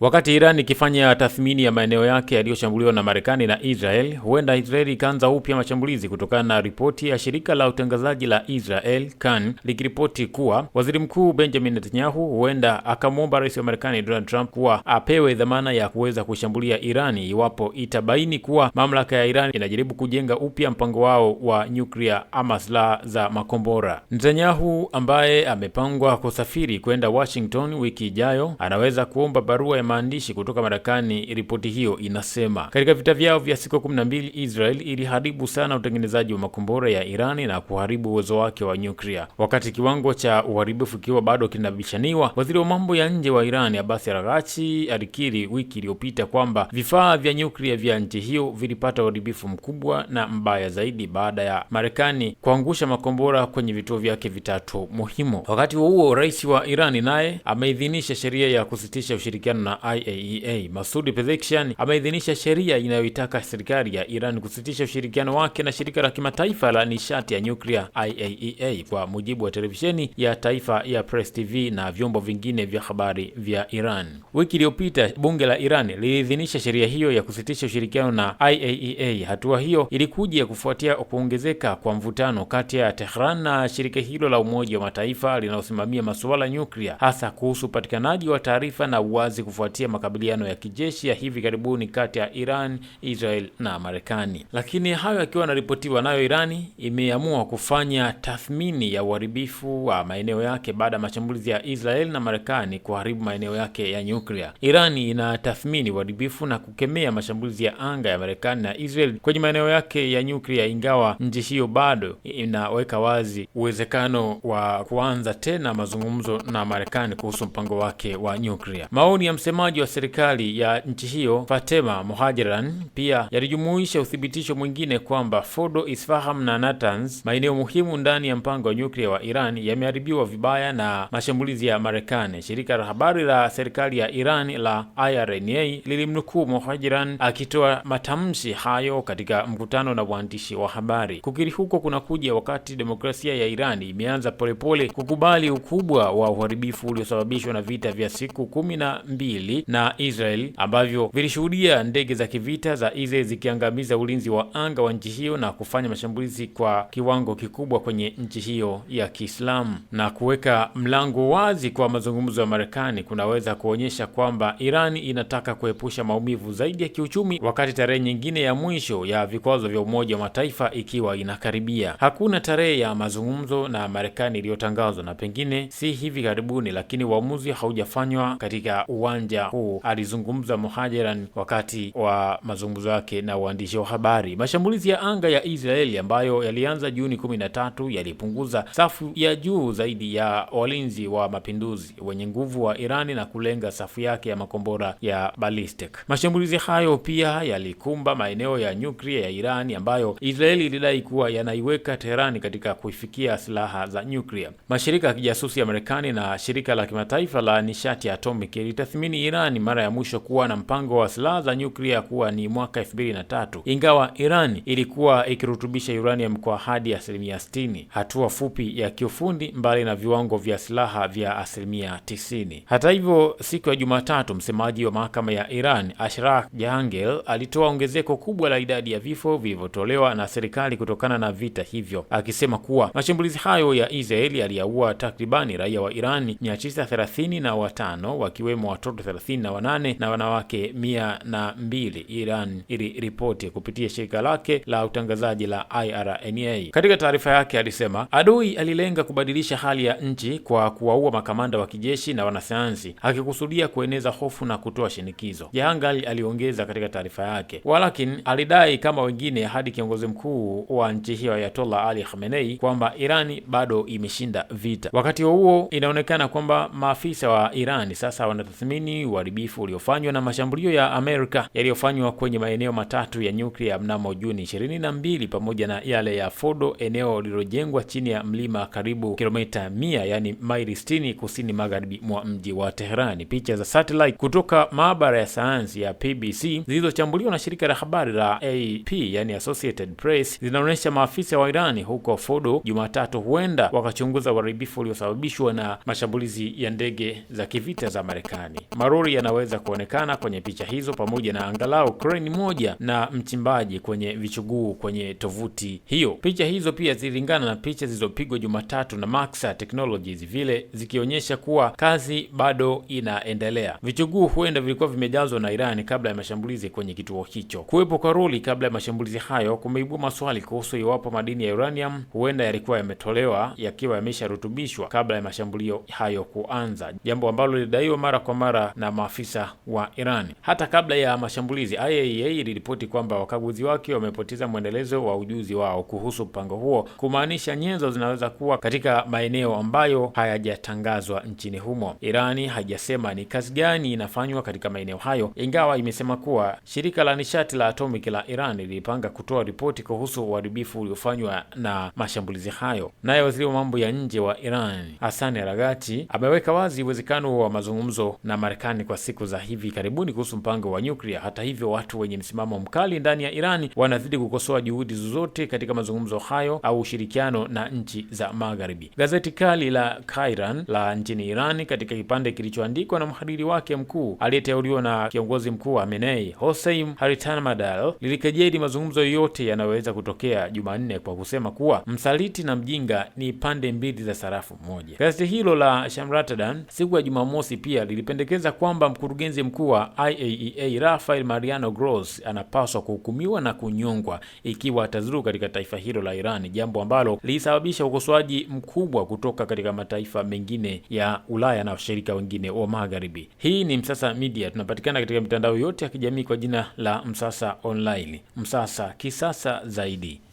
Wakati Iran ikifanya tathmini ya maeneo yake yaliyoshambuliwa na Marekani na Israel, huenda Israel ikaanza upya mashambulizi kutokana na ripoti ya shirika la utangazaji la Israel Kan likiripoti kuwa waziri mkuu Benjamin Netanyahu huenda akamwomba rais wa Marekani Donald Trump kuwa apewe dhamana ya kuweza kushambulia Irani iwapo itabaini kuwa mamlaka ya Iran inajaribu kujenga upya mpango wao wa nyuklia ama silaha za makombora. Netanyahu ambaye amepangwa kusafiri kwenda Washington wiki ijayo, anaweza kuomba barua ya maandishi kutoka Marekani. Ripoti hiyo inasema katika vita vyao vya siku kumi na mbili, Israel iliharibu sana utengenezaji wa makombora ya Irani na kuharibu uwezo wake wa nyuklia, wakati kiwango cha uharibifu kikiwa bado kinabishaniwa. Waziri wa mambo ya nje wa Irani Abbas Araghchi alikiri wiki iliyopita kwamba vifaa vya nyuklia vya nchi hiyo vilipata uharibifu mkubwa na mbaya zaidi baada ya Marekani kuangusha makombora kwenye vituo vyake vitatu muhimu. Wakati huo huo, rais wa Irani naye ameidhinisha sheria ya kusitisha ushirikiano na IAEA. E Masudi Pezeshkian ameidhinisha sheria inayoitaka serikali ya Iran kusitisha ushirikiano wake na shirika la kimataifa la nishati ya nyuklia IAEA, e kwa mujibu wa televisheni ya taifa ya Press TV na vyombo vingine vya habari vya Iran. Wiki iliyopita bunge la Iran liliidhinisha sheria hiyo ya kusitisha ushirikiano na IAEA. E Hatua hiyo ilikuja kufuatia kuongezeka kwa mvutano kati ya Tehran na shirika hilo la Umoja wa Mataifa linalosimamia masuala ya nyuklia, hasa kuhusu upatikanaji wa taarifa na uwazi kufuatia kufuatia makabiliano ya kijeshi ya hivi karibuni kati ya Iran, Israel na Marekani. Lakini hayo yakiwa yanaripotiwa, nayo Irani imeamua kufanya tathmini ya uharibifu wa maeneo yake baada ya mashambulizi ya Israel na Marekani kuharibu maeneo yake ya nyuklia. Irani inatathmini uharibifu na kukemea mashambulizi ya anga ya Marekani na Israel kwenye maeneo yake ya nyuklia, ingawa nchi hiyo bado inaweka wazi uwezekano wa kuanza tena mazungumzo na Marekani kuhusu mpango wake wa nyuklia. Maoni ya msema msemaji wa serikali ya nchi hiyo Fatema Mohajeran pia yalijumuisha uthibitisho mwingine kwamba Fordo, Isfahan na Natanz, maeneo muhimu ndani ya mpango wa nyuklia wa Iran, yameharibiwa vibaya na mashambulizi ya Marekani. Shirika la habari la serikali ya Iran la IRNA lilimnukuu Mohajeran akitoa matamshi hayo katika mkutano na waandishi wa habari. Kukiri huko kunakuja wakati demokrasia ya Iran imeanza polepole kukubali ukubwa wa uharibifu uliosababishwa na vita vya siku kumi na mbili Israeli na Israel ambavyo vilishuhudia ndege za kivita za Israel zikiangamiza ulinzi wa anga wa nchi hiyo na kufanya mashambulizi kwa kiwango kikubwa kwenye nchi hiyo ya Kiislamu. Na kuweka mlango wazi kwa mazungumzo ya Marekani kunaweza kuonyesha kwamba Iran inataka kuepusha maumivu zaidi ya kiuchumi, wakati tarehe nyingine ya mwisho ya vikwazo vya Umoja wa Mataifa ikiwa inakaribia. Hakuna tarehe ya mazungumzo na Marekani iliyotangazwa na pengine si hivi karibuni, lakini uamuzi haujafanywa katika uwanja umoja huu, alizungumza Muhajiran wakati wa mazungumzo yake na waandishi wa habari. Mashambulizi ya anga ya Israeli ambayo yalianza Juni kumi na tatu yalipunguza safu ya juu zaidi ya walinzi wa mapinduzi wenye nguvu wa Irani na kulenga safu yake ya makombora ya ballistic. Mashambulizi hayo pia yalikumba maeneo ya nyuklia ya Irani ambayo Israeli ilidai kuwa yanaiweka Teherani katika kuifikia silaha za nyuklia. Mashirika ya kijasusi ya Marekani na shirika la kimataifa la nishati ya atomic ilitathmini Iran mara ya mwisho kuwa na mpango wa silaha za nyuklia kuwa ni mwaka 2003 ingawa iran ilikuwa ikirutubisha uranium kwa hadi asilimia 60, hatua fupi ya kiufundi mbali na viwango vya silaha vya asilimia 90. Hata hivyo, siku ya Jumatatu, msemaji wa mahakama ya Iran Ashraf Jahangir alitoa ongezeko kubwa la idadi ya vifo vilivyotolewa na serikali kutokana na vita hivyo, akisema kuwa mashambulizi hayo ya Israeli yaliyaua takribani raia wa Irani 930 na watano wakiwemo watoto 38 na wanawake 102, Iran iliripoti kupitia shirika lake la utangazaji la IRNA. Katika taarifa yake alisema adui alilenga kubadilisha hali ya nchi kwa kuwaua makamanda wa kijeshi na wanasayansi, akikusudia kueneza hofu na kutoa shinikizo, Jahangali aliongeza katika taarifa yake. Walakin alidai kama wengine hadi kiongozi mkuu wa nchi hiyo Ayatollah Ali Khamenei kwamba Irani bado imeshinda vita. Wakati huo huo, inaonekana kwamba maafisa wa Irani sasa wanatathmini uharibifu uliofanywa na mashambulio ya Amerika yaliyofanywa kwenye maeneo matatu ya nyuklia mnamo Juni 22 pamoja na yale ya Fordo, eneo lililojengwa chini ya mlima karibu kilomita 100 yani maili 60 kusini magharibi mwa mji wa Teherani. Picha za satellite kutoka maabara ya sayansi ya PBC zilizochambuliwa na shirika la habari la AP yani Associated Press zinaonyesha maafisa wa Irani huko Fordo Jumatatu huenda wakachunguza uharibifu uliosababishwa na mashambulizi ya ndege za kivita za Marekani maruri yanaweza kuonekana kwenye picha hizo pamoja na angalau kreni moja na mchimbaji kwenye vichuguu kwenye tovuti hiyo. Picha hizo pia zililingana na picha zilizopigwa Jumatatu na Maxa Technologies, vile zikionyesha kuwa kazi bado inaendelea. Vichuguu huenda vilikuwa vimejazwa na Irani kabla ya mashambulizi kwenye kituo hicho. Kuwepo kwa ruli kabla ya mashambulizi hayo kumeibua maswali kuhusu iwapo madini ya uranium huenda yalikuwa yametolewa yakiwa yamesharutubishwa kabla ya mashambulio hayo kuanza, jambo ambalo lilidaiwa mara kwa mara na maafisa wa Iran. Hata kabla ya mashambulizi, IAEA e iliripoti kwamba wakaguzi wake wamepoteza mwendelezo wa ujuzi wao kuhusu mpango huo, kumaanisha nyenzo zinaweza kuwa katika maeneo ambayo hayajatangazwa nchini humo. Irani haijasema ni kazi gani inafanywa katika maeneo hayo, ingawa imesema kuwa shirika la nishati la atomiki la Iran lilipanga kutoa ripoti kuhusu uharibifu uliofanywa na mashambulizi hayo. Naye waziri wa mambo ya nje wa Iran Hassan Raghati ameweka wazi uwezekano wa mazungumzo na Marekani Marekani kwa siku za hivi karibuni kuhusu mpango wa nyuklia. Hata hivyo, watu wenye msimamo mkali ndani ya Irani wanazidi kukosoa juhudi zozote katika mazungumzo hayo au ushirikiano na nchi za Magharibi. Gazeti kali la Kairan la nchini Irani, katika kipande kilichoandikwa na mhariri wake mkuu aliyeteuliwa na kiongozi mkuu wa menei Hossein Haritanmadal, lilikejeli mazungumzo yote yanayoweza kutokea Jumanne kwa kusema kuwa msaliti na mjinga ni pande mbili za sarafu moja. Gazeti hilo la Shamratadan siku ya Jumamosi pia lilipendekeza kwamba mkurugenzi mkuu wa IAEA e Rafael Mariano Gross anapaswa kuhukumiwa na kunyongwa ikiwa atazuru katika taifa hilo la Iran, jambo ambalo lilisababisha ukosoaji mkubwa kutoka katika mataifa mengine ya Ulaya na washirika wengine wa Magharibi. Hii ni Msasa Media, tunapatikana katika mitandao yote ya kijamii kwa jina la Msasa Online. Msasa kisasa zaidi.